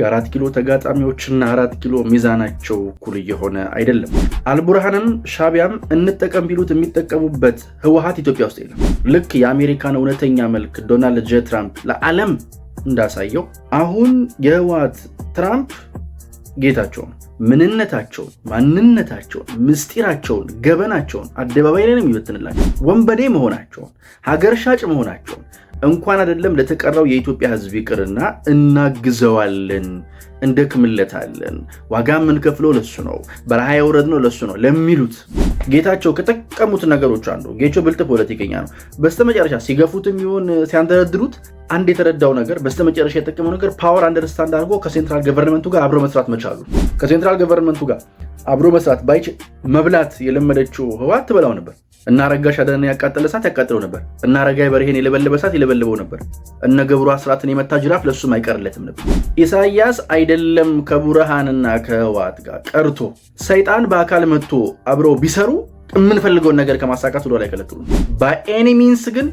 የአራት ኪሎ ተጋጣሚዎችና አራት ኪሎ ሚዛናቸው እኩል እየሆነ አይደለም። አልቡርሃንም ሻቢያም እንጠቀም ቢሉት የሚጠቀሙበት ህወሀት ኢትዮጵያ ውስጥ የለም። ልክ የአሜሪካን እውነተኛ መልክ ዶናልድ ጄ ትራምፕ ለዓለም እንዳሳየው አሁን የህወሀት ትራምፕ ጌታቸውን፣ ምንነታቸውን፣ ማንነታቸውን፣ ምስጢራቸውን፣ ገበናቸውን አደባባይ ላይ ነው የሚበትንላቸው። ወንበዴ መሆናቸውን፣ ሀገር ሻጭ መሆናቸውን እንኳን አይደለም ለተቀረው የኢትዮጵያ ሕዝብ ይቅርና እናግዘዋለን፣ እንደክምለታለን። ዋጋ የምንከፍለው ለሱ ነው፣ በረሃ ነው ለሱ ነው ለሚሉት ጌታቸው ከጠቀሙት ነገሮች አንዱ ጌቾ ብልጥ ፖለቲከኛ ነው። በስተመጨረሻ ሲገፉት የሚሆን ሲያንደረድሩት አንድ የተረዳው ነገር በስተመጨረሻ የጠቀመው ነገር ፓወር አንደርስታንድ አድርጎ ከሴንትራል ገቨርንመንቱ ጋር አብሮ መስራት መቻሉ። ከሴንትራል ገቨርንመንቱ ጋር አብሮ መስራት ባይች መብላት የለመደችው ህወሓት ትበላው ነበር። እነ አረጋ ሻደን ያቃጠለ እሳት ያቃጥለው ነበር። እነ አረጋይ በርሄን የለበለበ እሳት ይለበልበው ነበር። እነ ገብሩ አስራትን የመታ ጅራፍ ለሱም አይቀርለትም ነበር። ኢሳያስ አይደለም ከቡርሃንና ከህወሓት ጋር ቀርቶ ሰይጣን በአካል መጥቶ አብረው ቢሰሩ የምንፈልገውን ነገር ከማሳካት ወደ ላይ ከለክሉ። በኤኒ ሚንስ ግን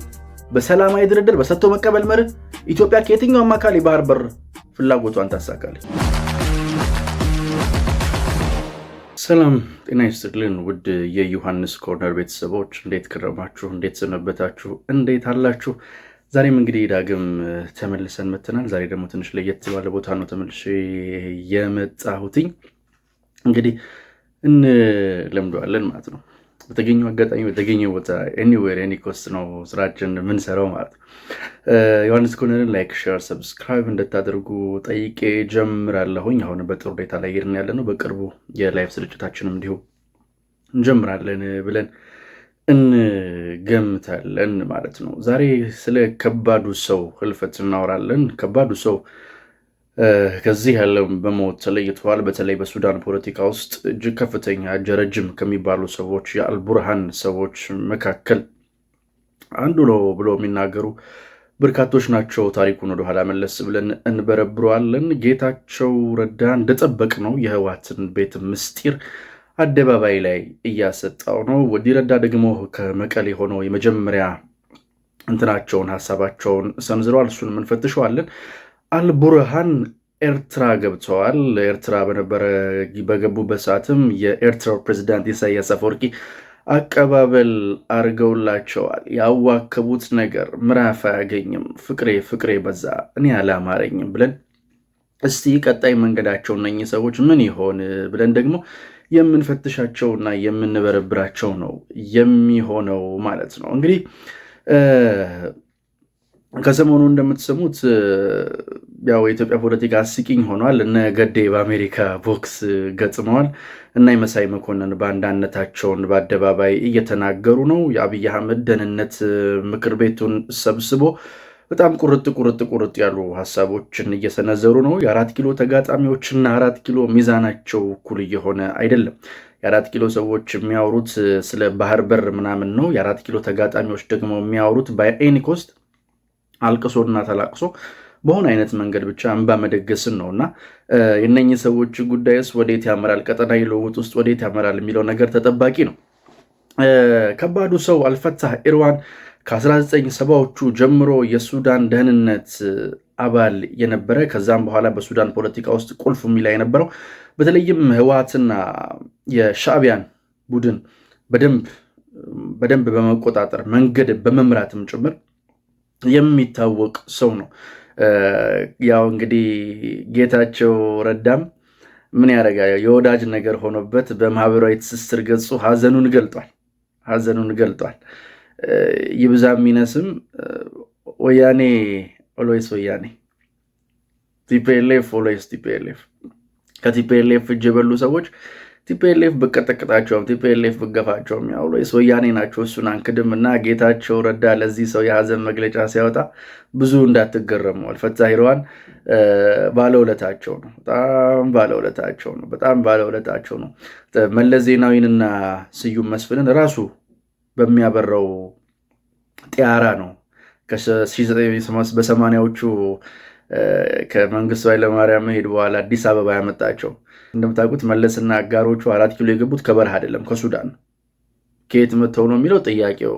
በሰላማዊ ድርድር በሰጥቶ መቀበል መርህ ኢትዮጵያ ከየትኛውም አካል የባህር በር ፍላጎቷን ታሳካለች። ሰላም ጤና ይስጥልን ውድ የዮሐንስ ኮርነር ቤተሰቦች፣ እንዴት ከረማችሁ? እንዴት ሰነበታችሁ? እንዴት አላችሁ? ዛሬም እንግዲህ ዳግም ተመልሰን መተናል። ዛሬ ደግሞ ትንሽ ለየት ባለ ቦታ ነው ተመልሼ የመጣሁትኝ። እንግዲህ እንለምደዋለን ማለት ነው። በተገኘው አጋጣሚ በተገኘው ቦታ ኤኒዌር ኤኒ ኮስት ነው ስራችን የምንሰራው ማለት ነው። ዮሐንስ ኮርነርን ላይክ፣ ሼር፣ ሰብስክራይብ እንድታደርጉ ጠይቄ ጀምራለሁኝ። አሁን በጥሩ ሁኔታ ላይ ሄድን ያለ ነው። በቅርቡ የላይፍ ስርጭታችንም እንዲሁ እንጀምራለን ብለን እንገምታለን ማለት ነው። ዛሬ ስለ ከባዱ ሰው ህልፈት እናወራለን። ከባዱ ሰው ከዚህ ያለው በሞት ተለይተዋል። በተለይ በሱዳን ፖለቲካ ውስጥ እጅግ ከፍተኛ ጀረጅም ከሚባሉ ሰዎች የአልቡርሃን ሰዎች መካከል አንዱ ነው ብሎ የሚናገሩ በርካቶች ናቸው። ታሪኩን ወደኋላ መለስ ብለን እንበረብረዋለን። ጌታቸው ረዳ እንደጠበቅ ነው የህወሓትን ቤት ምስጢር አደባባይ ላይ እያሰጣው ነው። ወዲ ረዳ ደግሞ ከመቀሌ ሆነው የመጀመሪያ እንትናቸውን ሀሳባቸውን ሰንዝረዋል። እሱን ምንፈትሸዋለን። አልቡርሃን ኤርትራ ገብተዋል። ኤርትራ በነበረ በገቡበት ሰዓትም የኤርትራው ፕሬዚዳንት ኢሳያስ አፈወርቂ አቀባበል አድርገውላቸዋል። ያዋከቡት ነገር ምዕራፍ አያገኝም። ፍቅሬ ፍቅሬ በዛ እኔ አላማረኝም ብለን እስቲ ቀጣይ መንገዳቸው እነኚህ ሰዎች ምን ይሆን ብለን ደግሞ የምንፈትሻቸውና የምንበረብራቸው ነው የሚሆነው ማለት ነው እንግዲህ ከሰሞኑ እንደምትሰሙት ያው የኢትዮጵያ ፖለቲካ አስቂኝ ሆኗል። እነ ገዴ በአሜሪካ ቦክስ ገጥመዋል እና የመሳይ መኮንን ባንዳነታቸውን በአደባባይ እየተናገሩ ነው። የአብይ አህመድ ደህንነት ምክር ቤቱን ሰብስቦ በጣም ቁርጥ ቁርጥ ቁርጥ ያሉ ሀሳቦችን እየሰነዘሩ ነው። የአራት ኪሎ ተጋጣሚዎችና አራት ኪሎ ሚዛናቸው እኩል እየሆነ አይደለም። የአራት ኪሎ ሰዎች የሚያወሩት ስለ ባህር በር ምናምን ነው። የአራት ኪሎ ተጋጣሚዎች ደግሞ የሚያወሩት ባይ ኤኒ ኮስት አልቅሶና ተላቅሶ በሆነ አይነት መንገድ ብቻ እንባ መደገስን ነው እና የእነኝህ ሰዎች ጉዳይስ ወዴት ያመራል? ቀጠና ልውውጥ ውስጥ ወዴት ያመራል የሚለው ነገር ተጠባቂ ነው። ከባዱ ሰው አልፈታህ ኢርዋን ከ1970ዎቹ ጀምሮ የሱዳን ደህንነት አባል የነበረ ከዛም በኋላ በሱዳን ፖለቲካ ውስጥ ቁልፍ ሚና የነበረው በተለይም ህወሓትና የሻዕቢያን ቡድን በደንብ በመቆጣጠር መንገድ በመምራትም ጭምር የሚታወቅ ሰው ነው። ያው እንግዲህ ጌታቸው ረዳም ምን ያደርጋል፣ የወዳጅ ነገር ሆኖበት በማህበራዊ ትስስር ገጹ ሀዘኑን ገልጧል። ሀዘኑን ገልጧል። ይብዛም ይነስም ወያኔ ኦሎይስ ወያኔ፣ ቲፒኤልኤፍ ኦሎይስ ቲፒኤልኤፍ፣ ከቲፒኤልኤፍ እጅ የበሉ ሰዎች ቲፒኤልኤፍ ብቀጠቅጣቸውም ቲፒኤልኤፍ ብገፋቸውም ያው ሎይስ ወያኔ ናቸው፣ እሱን አንክድም እና ጌታቸው ረዳ ለዚህ ሰው የሀዘን መግለጫ ሲያወጣ ብዙ እንዳትገረመዋል። ፈትሳ ሂሩዋን ባለውለታቸው ነው። በጣም ባለውለታቸው ነው። በጣም ባለውለታቸው ነው። መለስ ዜናዊንና ስዩም መስፍንን ራሱ በሚያበራው ጢያራ ነው በሰማንያዎቹ ከመንግስቱ ኃይለማርያም መሄድ በኋላ አዲስ አበባ ያመጣቸው እንደምታውቁት መለስና አጋሮቹ አራት ኪሎ የገቡት ከበረሃ አይደለም ከሱዳን ከየት መተው ነው የሚለው ጥያቄው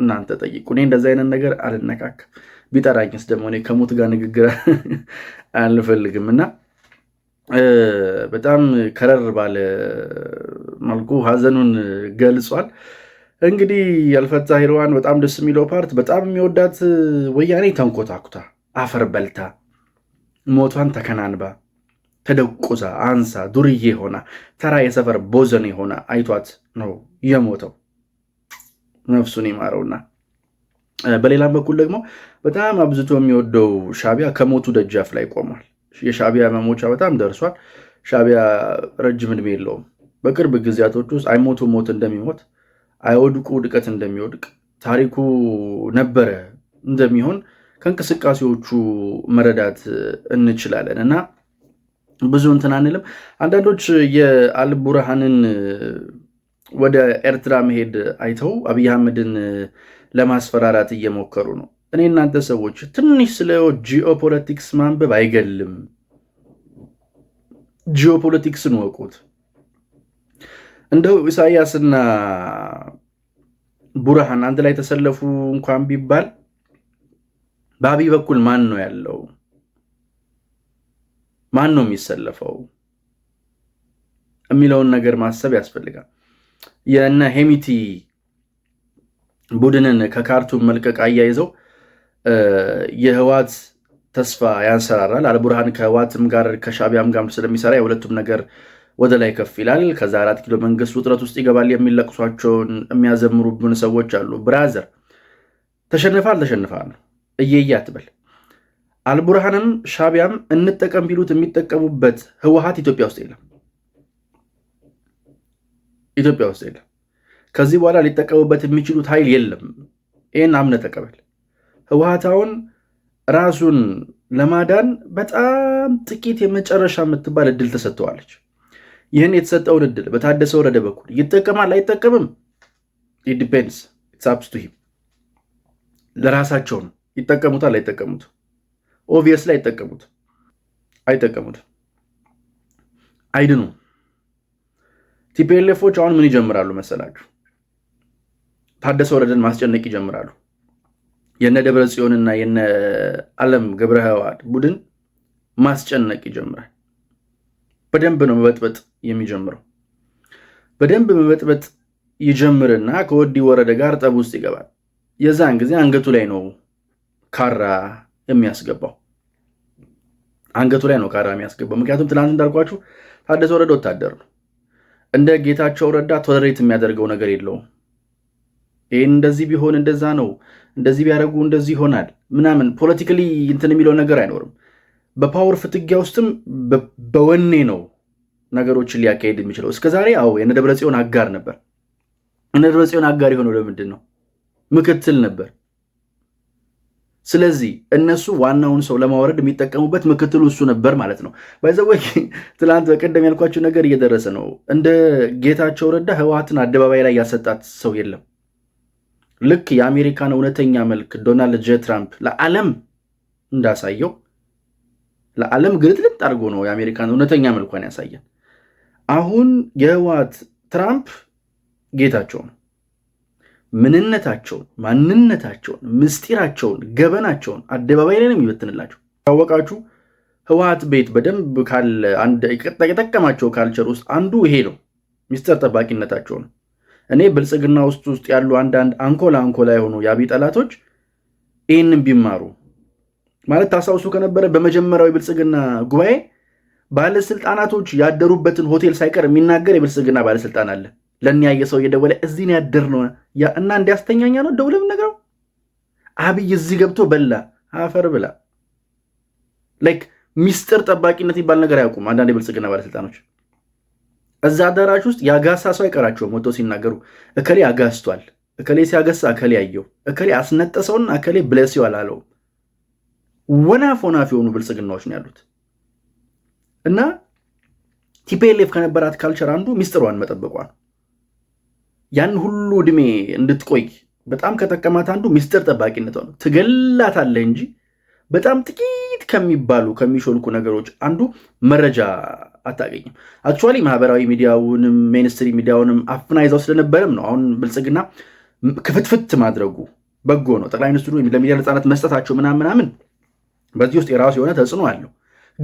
እናንተ ጠይቁ። እኔ እንደዚ አይነት ነገር አልነካከም። ቢጠራኝስ ደግሞ እኔ ከሞት ጋር ንግግር አልፈልግም እና በጣም ከረር ባለ መልኩ ሀዘኑን ገልጿል። እንግዲህ ያልፈታ ሄሮዋን በጣም ደስ የሚለው ፓርት በጣም የሚወዳት ወያኔ ተንኮታኩታ አፈር በልታ ሞቷን ተከናንባ ተደቁሳ አንሳ ዱርዬ ሆና ተራ የሰፈር ቦዘን የሆነ አይቷት ነው የሞተው። ነፍሱን ይማረውና በሌላም በኩል ደግሞ በጣም አብዝቶ የሚወደው ሻቢያ ከሞቱ ደጃፍ ላይ ቆሟል። የሻቢያ መሞቻ በጣም ደርሷል። ሻቢያ ረጅም እድሜ የለውም። በቅርብ ጊዜያቶች ውስጥ አይሞቱ ሞት እንደሚሞት አይወድቁ ውድቀት እንደሚወድቅ ታሪኩ ነበረ እንደሚሆን ከእንቅስቃሴዎቹ መረዳት እንችላለን እና ብዙ እንትን አንልም። አንዳንዶች የአልቡርሃንን ወደ ኤርትራ መሄድ አይተው አብይ አህመድን ለማስፈራራት እየሞከሩ ነው። እኔ እናንተ ሰዎች ትንሽ ስለ ጂኦፖለቲክስ ማንበብ አይገልም። ጂኦፖለቲክስን ወቁት። እንደው ኢሳያስና ቡርሃን አንድ ላይ ተሰለፉ እንኳን ቢባል በአብይ በኩል ማን ነው ያለው? ማን ነው የሚሰለፈው የሚለውን ነገር ማሰብ ያስፈልጋል። የነ ሄሚቲ ቡድንን ከካርቱም መልቀቅ አያይዘው የህዋት ተስፋ ያንሰራራል። አልቡርሃን ከህዋትም ጋር ከሻቢያም ጋር ስለሚሰራ የሁለቱም ነገር ወደ ላይ ከፍ ይላል። ከዛ አራት ኪሎ መንግስት ውጥረት ውስጥ ይገባል የሚለቅሷቸውን የሚያዘምሩብን ሰዎች አሉ። ብራዘር ተሸንፋ አልተሸንፋ ነው እየያ አልቡርሃንም ሻቢያም እንጠቀም ቢሉት የሚጠቀሙበት ህወሀት ኢትዮጵያ ውስጥ የለም። ኢትዮጵያ ውስጥ የለም። ከዚህ በኋላ ሊጠቀሙበት የሚችሉት ኃይል የለም። ይህን አምነ ተቀበል። ህወሀት አሁን ራሱን ለማዳን በጣም ጥቂት የመጨረሻ የምትባል እድል ተሰጥተዋለች። ይህን የተሰጠውን እድል በታደሰ ወረደ በኩል ይጠቀማል አይጠቀምም? ኢት ዲፔንድስ ኢትስ አፕስ ቱ ሂም። ለራሳቸው ነው። ይጠቀሙታል አይጠቀሙትም ኦብቪየስሊ አይጠቀሙት አይጠቀሙት አይድኑ። ቲፒኤልኤፎች አሁን ምን ይጀምራሉ መሰላችሁ? ታደሰ ወረደን ማስጨነቅ ይጀምራሉ። የነ ደብረ ጽዮንና የነ አለም ግብረ ህዋድ ቡድን ማስጨነቅ ይጀምራል። በደንብ ነው መበጥበጥ የሚጀምረው። በደንብ መበጥበጥ ይጀምርና ከወዲ ወረደ ጋር ጠብ ውስጥ ይገባል። የዛን ጊዜ አንገቱ ላይ ነው ካራ የሚያስገባው። አንገቱ ላይ ነው ቃራ የሚያስገባው። ምክንያቱም ትናንት እንዳልኳችሁ ታደሰ ወረደ ወታደር ነው። እንደ ጌታቸው ረዳ ቶለሬት የሚያደርገው ነገር የለውም። ይህን እንደዚህ ቢሆን እንደዛ ነው፣ እንደዚህ ቢያደርጉ እንደዚህ ይሆናል ምናምን ፖለቲካሊ እንትን የሚለው ነገር አይኖርም። በፓወር ፍትጊያ ውስጥም በወኔ ነው ነገሮችን ሊያካሄድ የሚችለው። እስከዛሬ አዎ የነ ደብረ ጽዮን አጋር ነበር። እነ ደብረ ጽዮን አጋር የሆነው ለምንድን ነው? ምክትል ነበር። ስለዚህ እነሱ ዋናውን ሰው ለማውረድ የሚጠቀሙበት ምክትሉ እሱ ነበር ማለት ነው። ባይዘወ ትላንት በቀደም ያልኳቸው ነገር እየደረሰ ነው። እንደ ጌታቸው ረዳ ህወሓትን አደባባይ ላይ ያሰጣት ሰው የለም። ልክ የአሜሪካን እውነተኛ መልክ ዶናልድ ጄ ትራምፕ ለዓለም እንዳሳየው ለዓለም ግልጥልጥ አድርጎ ነው የአሜሪካን እውነተኛ መልኳን ያሳየን። አሁን የህወሓት ትራምፕ ጌታቸው ነው። ምንነታቸውን፣ ማንነታቸውን፣ ምስጢራቸውን፣ ገበናቸውን አደባባይ ላይ ነው የሚበትንላቸው። ታወቃችሁ ህወሓት ቤት በደንብ የጠቀማቸው ካልቸር ውስጥ አንዱ ይሄ ነው፣ ሚስጥር ጠባቂነታቸው ነው። እኔ ብልጽግና ውስጥ ውስጥ ያሉ አንዳንድ አንኮላ አንኮላ የሆኑ የአብይ ጠላቶች ይህንን ቢማሩ ማለት ታስታውሱ ከነበረ በመጀመሪያው የብልጽግና ጉባኤ ባለስልጣናቶች ያደሩበትን ሆቴል ሳይቀር የሚናገር የብልጽግና ባለስልጣን አለ። ለእኒያየ ሰው እየደወለ እዚህ ያድር ነው እና እንዲያስተኛኛ ነው ደውለም ነገረው። አብይ እዚህ ገብቶ በላ አፈር ብላ። ላይክ ሚስጥር ጠባቂነት የሚባል ነገር አያውቁም አንዳንድ የብልጽግና ባለስልጣኖች። እዛ አዳራሽ ውስጥ ያጋሳ ሰው አይቀራቸውም ወጥቶ ሲናገሩ እከሌ አጋስቷል፣ እከሌ ሲያገሳ እከሌ አየው፣ እከሌ አስነጠሰውና እከሌ ብለሲው አላለው። ወናፍ ወናፍ የሆኑ ብልጽግናዎች ነው ያሉት እና ቲፒኤልኤፍ ከነበራት ካልቸር አንዱ ሚስጥሯን መጠበቋ ነው። ያን ሁሉ ዕድሜ እንድትቆይ በጣም ከጠቀማት አንዱ ሚስጥር ጠባቂነቷ ነው። ትገላታለህ እንጂ በጣም ጥቂት ከሚባሉ ከሚሾልኩ ነገሮች አንዱ መረጃ አታገኝም። አክቹዋሊ ማህበራዊ ሚዲያውንም ሜንስትሪ ሚዲያውንም አፍና ይዛው ስለነበረም ነው አሁን ብልጽግና ክፍትፍት ማድረጉ በጎ ነው። ጠቅላይ ሚኒስትሩ ለሚዲያ ነፃነት መስጠታቸው ምናምን ምናምን በዚህ ውስጥ የራሱ የሆነ ተጽዕኖ አለው።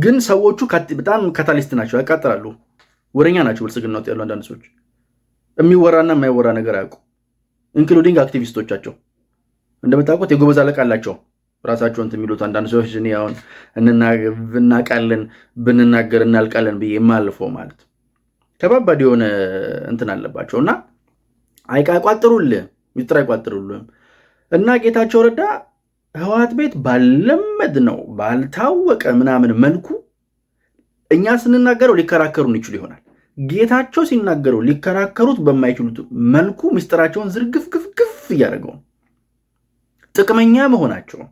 ግን ሰዎቹ በጣም ካታሊስት ናቸው፣ ያቃጥላሉ። ወረኛ ናቸው ብልጽግና ውስጥ ያሉ አንዳንድ ሰዎች የሚወራና የማይወራ ነገር አያውቁ ኢንክሉዲንግ አክቲቪስቶቻቸው እንደምታውቁት የጎበዝ አለቃ አላቸው ራሳቸውን የሚሉት አንዳንድ ሰዎች እኔ አሁን ብንናገር እናልቃለን ብዬ የማልፈው ማለት ከባባድ የሆነ እንትን አለባቸው እና አይቋጥሩልህም፣ ሚስጥር አይቋጥሩልህም። እና ጌታቸው ረዳ ህወሓት ቤት ባለመድ ነው ባልታወቀ ምናምን መልኩ እኛ ስንናገረው ሊከራከሩን ይችሉ ይሆናል። ጌታቸው ሲናገረው ሊከራከሩት በማይችሉት መልኩ ምስጢራቸውን ዝርግፍግፍግፍ እያደረገው ጥቅመኛ መሆናቸውን፣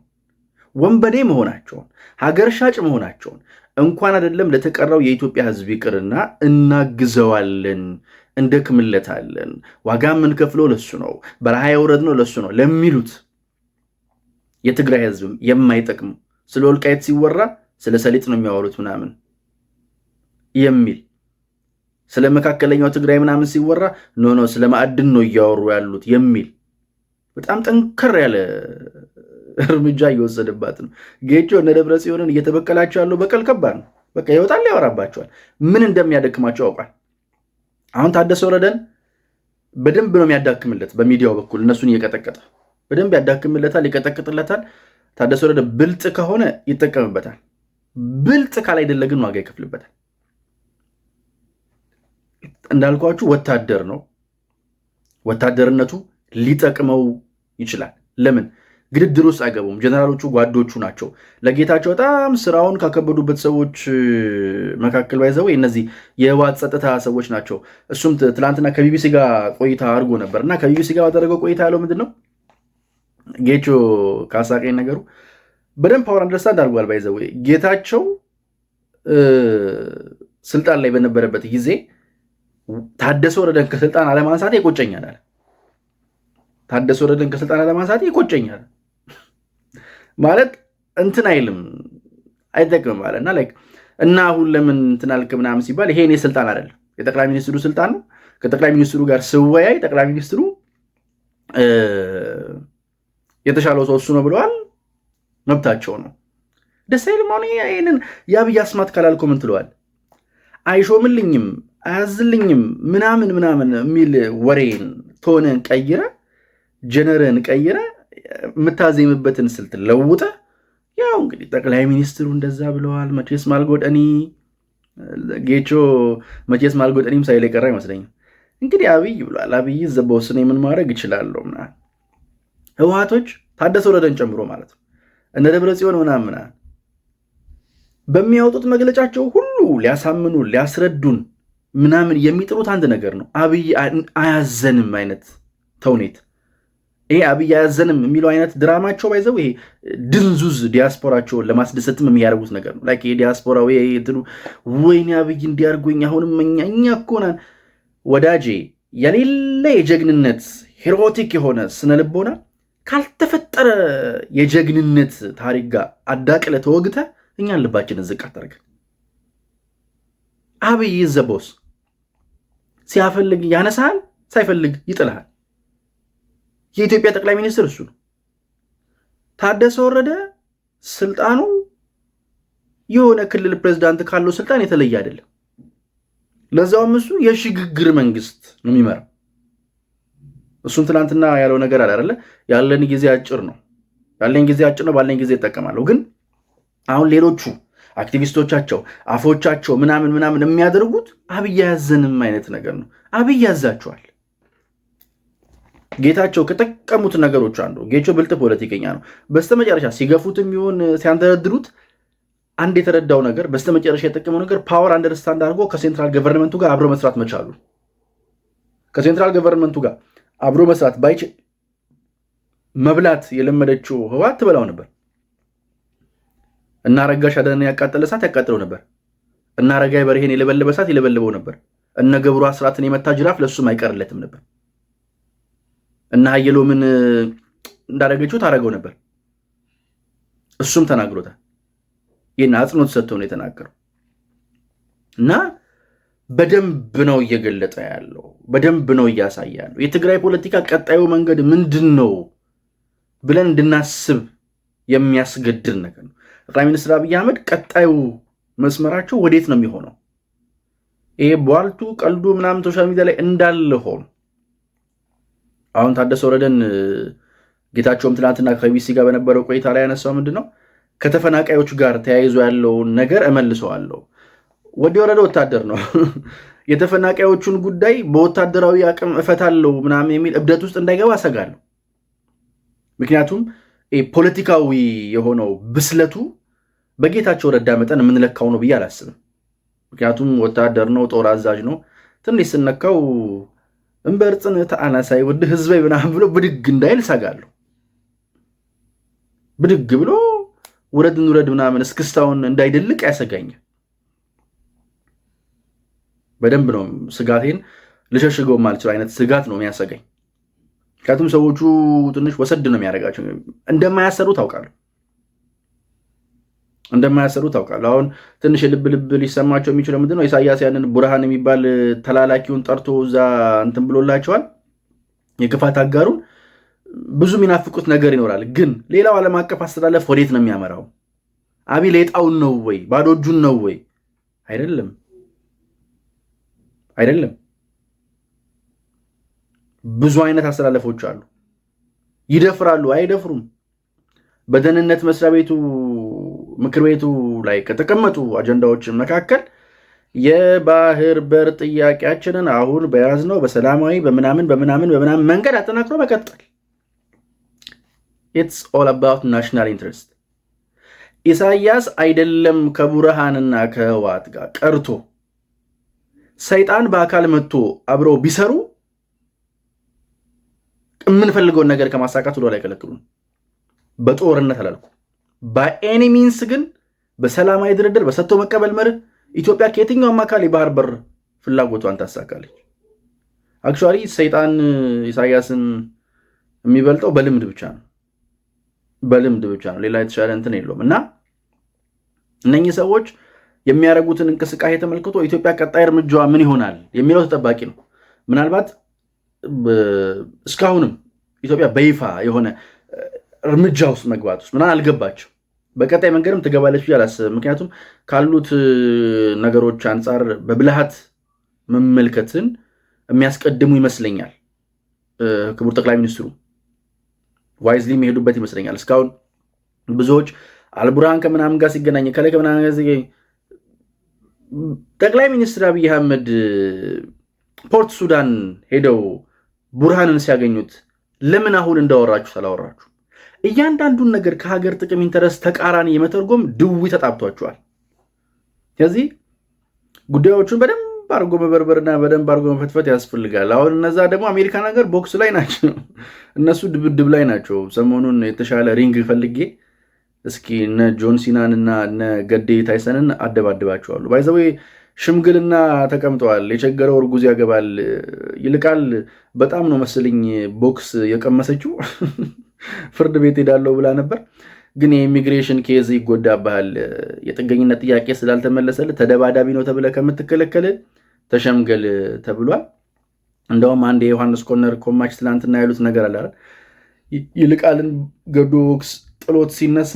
ወንበዴ መሆናቸውን፣ ሀገር ሻጭ መሆናቸውን እንኳን አይደለም ለተቀረው የኢትዮጵያ ሕዝብ ይቅርና እናግዘዋለን፣ እንደክምለታለን፣ ዋጋ የምንከፍለው ለሱ ነው፣ በረሃ ነው ለሱ ነው ለሚሉት የትግራይ ሕዝብም የማይጠቅም ስለ ወልቃየት ሲወራ ስለ ሰሊጥ ነው የሚያወሩት ምናምን የሚል ስለ መካከለኛው ትግራይ ምናምን ሲወራ ኖ ኖ ስለ ማዕድን ነው እያወሩ ያሉት የሚል በጣም ጠንከር ያለ እርምጃ እየወሰደባት ነው። ጌጮ እነ ደብረ ጽዮንን እየተበቀላቸው ያለው በቀል ከባድ ነው። በቃ ይወጣል፣ ያወራባቸዋል። ምን እንደሚያደክማቸው አውቋል። አሁን ታደሰ ወረደን በደንብ ነው የሚያዳክምለት በሚዲያው በኩል እነሱን እየቀጠቀጠ በደንብ ያዳክምለታል፣ ይቀጠቅጥለታል። ታደሰ ወረደ ብልጥ ከሆነ ይጠቀምበታል። ብልጥ ካላይደለ ግን ዋጋ ይከፍልበታል። እንዳልኳችሁ ወታደር ነው። ወታደርነቱ ሊጠቅመው ይችላል። ለምን ግድድር ውስጥ አይገቡም። ጀነራሎቹ ጓዶቹ ናቸው። ለጌታቸው በጣም ስራውን ካከበዱበት ሰዎች መካከል ባይዘው እነዚህ የህወሓት ጸጥታ ሰዎች ናቸው። እሱም ትላንትና ከቢቢሲ ጋር ቆይታ አድርጎ ነበር እና ከቢቢሲ ጋር ባደረገው ቆይታ ያለው ምንድን ነው ጌቾ ካሳቀኝ ነገሩ በደንብ ፓወር አንደርስታንድ አድርጓል። ባይዘው ጌታቸው ስልጣን ላይ በነበረበት ጊዜ ታደሰ ወረደን ከስልጣን አለማንሳት ይቆጨኛል አለ። ታደሰ ወረደን ከስልጣን አለማንሳት ይቆጨኛል ማለት እንትን አይልም አይጠቅምም አለ እና ላይክ እና አሁን ለምን እንትን አልክ ምናምን ሲባል ይሄ እኔ ስልጣን አይደለም፣ የጠቅላይ ሚኒስትሩ ስልጣን ነው። ከጠቅላይ ሚኒስትሩ ጋር ስወያይ ጠቅላይ ሚኒስትሩ የተሻለው ሰው እሱ ነው ብለዋል። መብታቸው ነው። ደስ አይልም። አሁን ይህንን የአብይ አስማት ካላልኮ ምን ትለዋል? አይሾምልኝም አያዝልኝም ምናምን ምናምን የሚል ወሬን ቶንን ቀይረ ጀነርን ቀይረ የምታዜምበትን ስልት ለውጠ ያው እንግዲህ ጠቅላይ ሚኒስትሩ እንደዛ ብለዋል፣ መቼስ ማልጎጠኒ ጌቾ መቼስ ማልጎጠኒም ሳይል የቀረ አይመስለኝም። እንግዲህ አብይ ብሏል። አብይ በውስኔ የምን ማድረግ ይችላለሁ ምናምን ህወሓቶች ታደሰ ወረደን ጨምሮ ማለት ነው እነ ደብረ ጽዮን ምናምን በሚያወጡት መግለጫቸው ሁሉ ሊያሳምኑን ሊያስረዱን ምናምን የሚጥሩት አንድ ነገር ነው። አብይ አያዘንም አይነት ተውኔት ይሄ አብይ አያዘንም የሚለው አይነት ድራማቸው ባይዘው ይሄ ድንዙዝ ዲያስፖራቸውን ለማስደሰትም የሚያደርጉት ነገር ነው። ላይክ የዲያስፖራ ትሉ ወይኔ አብይ እንዲያርጉኝ አሁንም እኛ እኛ እኮ ነን ወዳጄ። የሌለ የጀግንነት ሄሮቲክ የሆነ ስነልቦና ካልተፈጠረ የጀግንነት ታሪክ ጋር አዳቅለ ተወግተ እኛን ልባችንን ዝቅ አታደርገን። አብይ ዘቦስ ሲያፈልግ ያነሳል ሳይፈልግ ይጥልሃል። የኢትዮጵያ ጠቅላይ ሚኒስትር እሱ ነው። ታደሰ ወረደ ስልጣኑ የሆነ ክልል ፕሬዚዳንት ካለው ስልጣን የተለየ አይደለም። ለዛውም እሱ የሽግግር መንግስት ነው የሚመራው። እሱም ትናንትና ያለው ነገር አለ ያለን ጊዜ አጭር ነው፣ ያለን ጊዜ አጭር ነው፣ ባለን ጊዜ እጠቀማለሁ። ግን አሁን ሌሎቹ አክቲቪስቶቻቸው አፎቻቸው ምናምን ምናምን የሚያደርጉት አብይ ያዘንም አይነት ነገር ነው። አብይ ያዛቸዋል። ጌታቸው ከጠቀሙት ነገሮች አንዱ ጌቾ ብልጥ ፖለቲከኛ ነው። በስተመጨረሻ ሲገፉት የሚሆን ሲያንደረድሩት አንድ የተረዳው ነገር በስተመጨረሻ የጠቀመው ነገር ፓወር አንደርስታንድ አድርጎ ከሴንትራል ገቨርንመንቱ ጋር አብሮ መስራት መቻሉ። ከሴንትራል ገቨርንመንቱ ጋር አብሮ መስራት ባይችል መብላት የለመደችው ህወሓት ትበላው ነበር። እና ረጋሽ አዳነን ያቃጠለ እሳት ያቃጥለው ነበር። እና ረጋይ በርሄን የለበለበ እሳት የለበልበው ነበር። እነ ገብሩ አስራትን የመታ ጅራፍ ለሱም አይቀርለትም ነበር። እና ሀየሎ ምን እንዳደረገችው ታደረገው ነበር። እሱም ተናግሮታል። ይህን አጽንኦት ሰጥቶ ነው የተናገረው። እና በደንብ ነው እየገለጠ ያለው፣ በደንብ ነው እያሳየ ያለው። የትግራይ ፖለቲካ ቀጣዩ መንገድ ምንድን ነው ብለን እንድናስብ የሚያስገድድ ነገር ነው። ጠቅላይ ሚኒስትር አብይ አህመድ ቀጣዩ መስመራቸው ወዴት ነው የሚሆነው? ይሄ ቧልቱ ቀልዱ ምናምን ሶሻል ሚዲያ ላይ እንዳለ ሆኖ አሁን ታደሰ ወረደን ጌታቸውም ትናንትና ከቢሲ ጋር በነበረው ቆይታ ላይ ያነሳው ምንድን ነው ከተፈናቃዮች ጋር ተያይዞ ያለውን ነገር እመልሰዋለሁ። ወዲ ወረደ ወታደር ነው። የተፈናቃዮቹን ጉዳይ በወታደራዊ አቅም እፈታለሁ ምናምን የሚል እብደት ውስጥ እንዳይገባ አሰጋለሁ። ምክንያቱም ፖለቲካዊ የሆነው ብስለቱ በጌታቸው ረዳ መጠን የምንለካው ነው ብዬ አላስብም። ምክንያቱም ወታደር ነው፣ ጦር አዛዥ ነው። ትንሽ ስነካው እምበር ጽንዕተ አናሳይ ውድ ህዝበይ ምናምን ብሎ ብድግ እንዳይል እሰጋለሁ። ብድግ ብሎ ውረድን ውረድ ምናምን እስክስታውን እንዳይደልቅ ያሰጋኛል። በደንብ ነው ስጋቴን ልሸሽገው ማልችል አይነት ስጋት ነው የሚያሰጋኝ። ምክንያቱም ሰዎቹ ትንሽ ወሰድ ነው የሚያደርጋቸው። እንደማያሰሩ ታውቃለሁ። እንደማያሰሩ ታውቃለህ። አሁን ትንሽ ልብ ልብ ሊሰማቸው የሚችለው ምንድን ነው? ኢሳያስ ያንን ቡርሃን የሚባል ተላላኪውን ጠርቶ እዛ እንትን ብሎላቸዋል። የክፋት አጋሩን ብዙ የሚናፍቁት ነገር ይኖራል። ግን ሌላው ዓለም አቀፍ አስተላለፍ ወዴት ነው የሚያመራው? አቢ ሌጣውን ነው ወይ ባዶ እጁን ነው ወይ? አይደለም፣ አይደለም። ብዙ አይነት አስተላለፎች አሉ። ይደፍራሉ፣ አይደፍሩም። በደህንነት መስሪያ ቤቱ ምክር ቤቱ ላይ ከተቀመጡ አጀንዳዎች መካከል የባህር በር ጥያቄያችንን አሁን በያዝነው በሰላማዊ በምናምን በምናምን በምናምን መንገድ አጠናክሮ መቀጠል ኢትስ ኦል አባውት ናሽናል ኢንትረስት። ኢሳያስ አይደለም ከቡርሃንና ከህወሓት ጋር ቀርቶ ሰይጣን በአካል መጥቶ አብረው ቢሰሩ የምንፈልገውን ነገር ከማሳካት ወደ ላይ በጦርነት አላልኩ በኤኒ ሚንስ ግን በሰላማዊ ድርድር በሰጥቶ መቀበል መርህ ኢትዮጵያ ከየትኛውም አካል የባህር በር ፍላጎቷን ታሳካለች። አክቹዋሊ ሰይጣን ኢሳያስን የሚበልጠው በልምድ ብቻ ነው፣ በልምድ ብቻ ነው። ሌላ የተሻለ እንትን የለውም። እና እነኚህ ሰዎች የሚያደርጉትን እንቅስቃሴ ተመልክቶ ኢትዮጵያ ቀጣይ እርምጃዋ ምን ይሆናል የሚለው ተጠባቂ ነው። ምናልባት እስካሁንም ኢትዮጵያ በይፋ የሆነ እርምጃ ውስጥ መግባት ውስጥ ምናምን አልገባቸው በቀጣይ መንገድም ትገባለች ብዬ አላስብም። ምክንያቱም ካሉት ነገሮች አንጻር በብልሃት መመልከትን የሚያስቀድሙ ይመስለኛል። ክቡር ጠቅላይ ሚኒስትሩ ዋይዝሊ የሚሄዱበት ይመስለኛል። እስካሁን ብዙዎች አልቡርሃን ከምናምን ጋር ሲገናኝ ከላይ ከምናምን ጋር ሲገኝ ጠቅላይ ሚኒስትር አብይ አህመድ ፖርት ሱዳን ሄደው ቡርሃንን ሲያገኙት ለምን አሁን እንዳወራችሁ አላወራችሁ? እያንዳንዱን ነገር ከሀገር ጥቅም ኢንተረስት ተቃራኒ የመተርጎም ድዊ ተጣብቷቸዋል። ስለዚህ ጉዳዮቹን በደንብ አድርጎ መበርበርና በደንብ አድርጎ መፈትፈት ያስፈልጋል። አሁን እነዛ ደግሞ አሜሪካን ሀገር ቦክስ ላይ ናቸው፣ እነሱ ድብድብ ላይ ናቸው። ሰሞኑን የተሻለ ሪንግ ፈልጌ እስኪ እነ ጆን ሲናን እና እነ ገዴ ታይሰንን አደባድባቸዋሉ። ባይዘዌ ሽምግልና ተቀምጠዋል። የቸገረው እርጉዝ ያገባል ይልቃል። በጣም ነው መሰለኝ ቦክስ የቀመሰችው ፍርድ ቤት ሄዳለሁ ብላ ነበር። ግን የኢሚግሬሽን ኬዝ ይጎዳብሃል፣ የጥገኝነት ጥያቄ ስላልተመለሰልህ ተደባዳቢ ነው ተብለህ ከምትከለከል ተሸምገል ተብሏል። እንደውም አንድ የዮሐንስ ኮርነር ኮማች ትናንትና ያሉት ነገር አለ። ይልቃልን ገዶ ቦክስ ጥሎት ሲነሳ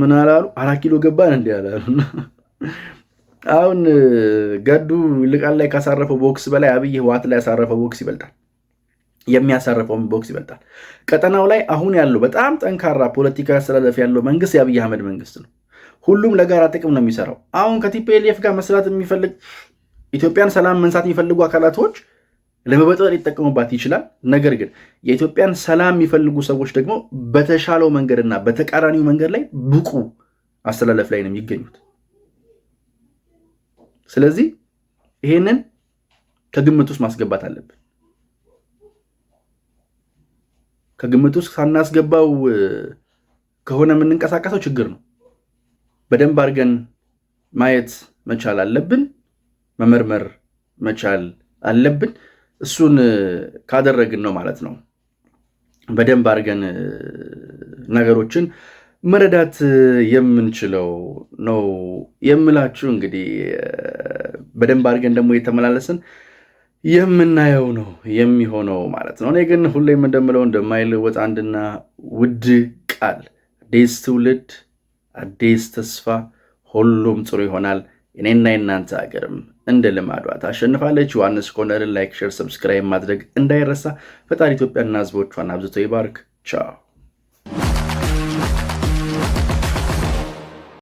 ምን አላሉ? አራት ኪሎ ገባን እንዲ አላሉ። አሁን ገዱ ይልቃል ላይ ካሳረፈው ቦክስ በላይ አብይ ህወሓት ላይ ያሳረፈው ቦክስ ይበልጣል። የሚያሳርፈውን ቦክስ ይበልጣል። ቀጠናው ላይ አሁን ያለው በጣም ጠንካራ ፖለቲካዊ አስተላለፍ ያለው መንግስት የአብይ አህመድ መንግስት ነው። ሁሉም ለጋራ ጥቅም ነው የሚሰራው። አሁን ከቲፒኤልኤፍ ጋር መስራት የሚፈልግ ኢትዮጵያን ሰላም መንሳት የሚፈልጉ አካላቶች ለመበጠር ሊጠቀሙባት ይችላል። ነገር ግን የኢትዮጵያን ሰላም የሚፈልጉ ሰዎች ደግሞ በተሻለው መንገድና በተቃራኒው መንገድ ላይ ብቁ አስተላለፍ ላይ ነው የሚገኙት። ስለዚህ ይሄንን ከግምት ውስጥ ማስገባት አለብን። ከግምት ውስጥ ሳናስገባው ከሆነ የምንንቀሳቀሰው ችግር ነው። በደንብ አድርገን ማየት መቻል አለብን፣ መመርመር መቻል አለብን። እሱን ካደረግን ነው ማለት ነው በደንብ አድርገን ነገሮችን መረዳት የምንችለው ነው የምላችሁ። እንግዲህ በደንብ አድርገን ደግሞ የተመላለስን የምናየው ነው የሚሆነው ማለት ነው። እኔ ግን ሁሌም እንደምለው እንደማይለወጥ አንድና ውድ ቃል አዲስ ትውልድ፣ አዲስ ተስፋ፣ ሁሉም ጥሩ ይሆናል። እኔና የእናንተ ሀገርም እንደ ልማዷ ታሸንፋለች። ዮሐንስ ኮርነርን ላይክ፣ ሼር፣ ሰብስክራይብ ማድረግ እንዳይረሳ። ፈጣሪ ኢትዮጵያና ህዝቦቿን አብዝቶ ይባርክ። ቻው